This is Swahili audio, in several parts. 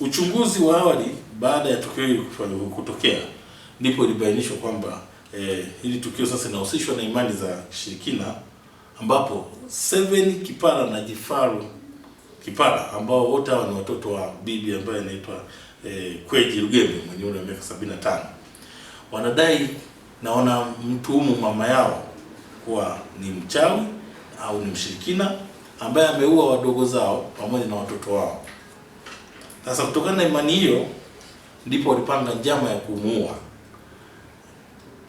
Uchunguzi wa awali baada ya tukio hili kutokea, ndipo ilibainishwa kwamba eh, hili tukio sasa linahusishwa na imani za kishirikina, ambapo Seven Kipara na Jifaru Kipara ambao wote hawa ni watoto wa bibi ambaye anaitwa eh, Kweji Rugeme mwenye umri wa miaka sabini tano wanadai na wanamtuhumu mama yao kuwa ni mchawi au ni mshirikina ambaye ameua wadogo zao pamoja na watoto wao. Sasa kutokana na imani hiyo ndipo walipanga njama ya kumuua.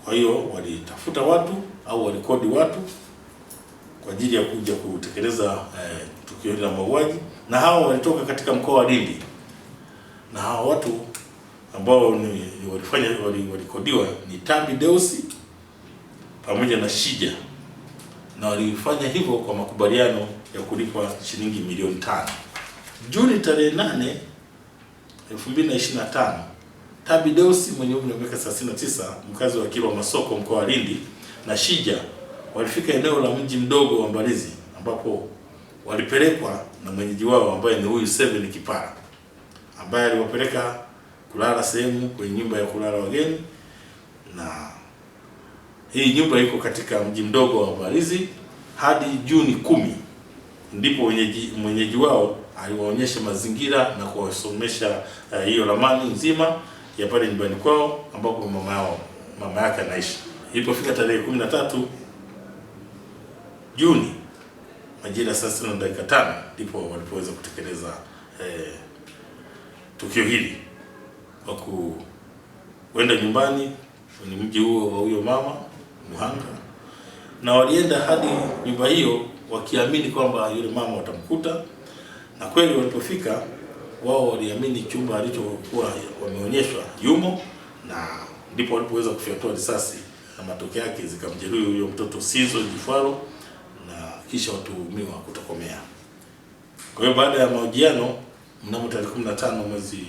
Kwa hiyo walitafuta watu au walikodi watu kwa ajili ya kuja kutekeleza eh, tukio la mauaji, na hawa walitoka katika mkoa wa Lindi, na hawa watu ambao ni walifanya walikodiwa ni tambi Deusi pamoja na Shija, na walifanya hivyo kwa makubaliano ya kulipwa shilingi milioni tano Juni tarehe nane 2025 Tabi Deusi mwenye umri wa miaka 39 mkazi wa Kilwa Masoko mkoa wa Lindi na Shija walifika eneo la mji mdogo wa Mbalizi ambapo walipelekwa na mwenyeji wao ambaye ni huyu Seven Kipara ambaye aliwapeleka kulala sehemu kwenye nyumba ya kulala wageni, na hii nyumba iko katika mji mdogo wa Mbalizi hadi Juni kumi ndipo mwenyeji, mwenyeji wao aliwaonyesha mazingira na kuwasomesha eh, hiyo uh, ramani nzima ya pale nyumbani kwao ambapo mama yao mama yake anaishi. Ilipofika tarehe kumi na tatu Juni majira saa sita na dakika tano ndipo walipoweza kutekeleza eh, tukio hili kwa kuenda nyumbani kwenye mji huo wa huyo mama muhanga, na walienda hadi nyumba hiyo wakiamini kwamba yule mama watamkuta na kweli walipofika wao waliamini chumba alichokuwa wameonyeshwa yumo, na ndipo walipoweza kufyatua risasi na matokeo yake zikamjeruhi huyo mtoto Sizo Jifwaro na kisha watuhumiwa kutokomea. Kwa hiyo baada ya mahojiano mnamo tarehe 15 mwezi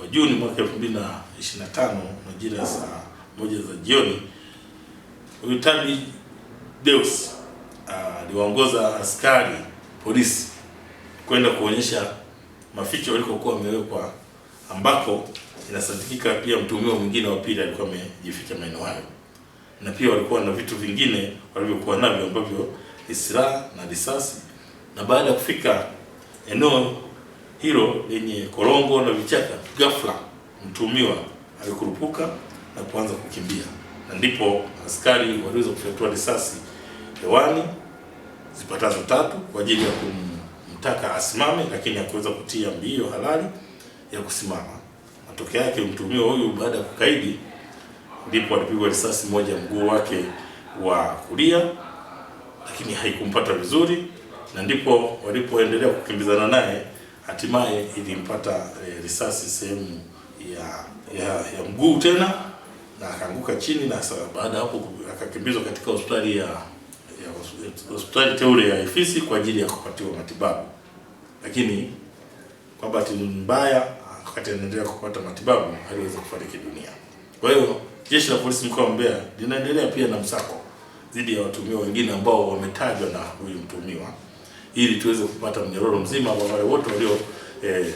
wa Juni mwaka 2025 majira ya saa moja za jioni, huyu Tabi Deus ah, aliwaongoza askari polisi kwenda kuonyesha maficho walikokuwa wamewekwa, ambapo inasadikika pia mtuhumiwa mwingine wa pili alikuwa amejificha maeneo hayo, na pia walikuwa na vitu vingine walivyokuwa navyo ambavyo ni silaha na risasi. Na baada ya kufika eneo hilo lenye korongo na vichaka, ghafla mtuhumiwa alikurupuka na kuanza kukimbia, na ndipo askari waliweza kufyatua risasi hewani zipatazo tatu kwa ajili ya kum kutaka asimame, lakini hakuweza kutia mbio halali ya kusimama. Matokeo yake mtuhumiwa huyu baada ya kukaidi, ndipo alipigwa risasi moja mguu wake wa kulia, lakini haikumpata vizuri, na ndipo walipoendelea kukimbizana naye, hatimaye ilimpata e, risasi sehemu ya, ya, ya mguu tena na akaanguka chini, na baada hapo akakimbizwa katika hospitali ya ya hospitali teule ya Ifisi kwa ajili ya kupatiwa matibabu, lakini kwa bahati mbaya wakati anaendelea kupata matibabu aliweza kufariki dunia. Kwa hiyo jeshi la polisi mkoa wa Mbeya linaendelea pia na msako dhidi ya watuhumiwa wengine ambao wametajwa na huyu mtumiwa, ili tuweze kupata mnyororo mzima wa wale wote walio eh,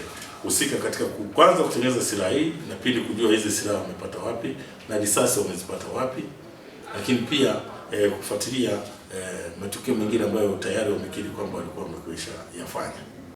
husika katika kwanza kutengeneza silaha hii na pili kujua hizi silaha wamepata wapi na risasi wamezipata wapi, lakini pia eh, kufuatilia eh, matukio mengine ambayo tayari wamekiri kwamba walikuwa wamekwisha yafanya.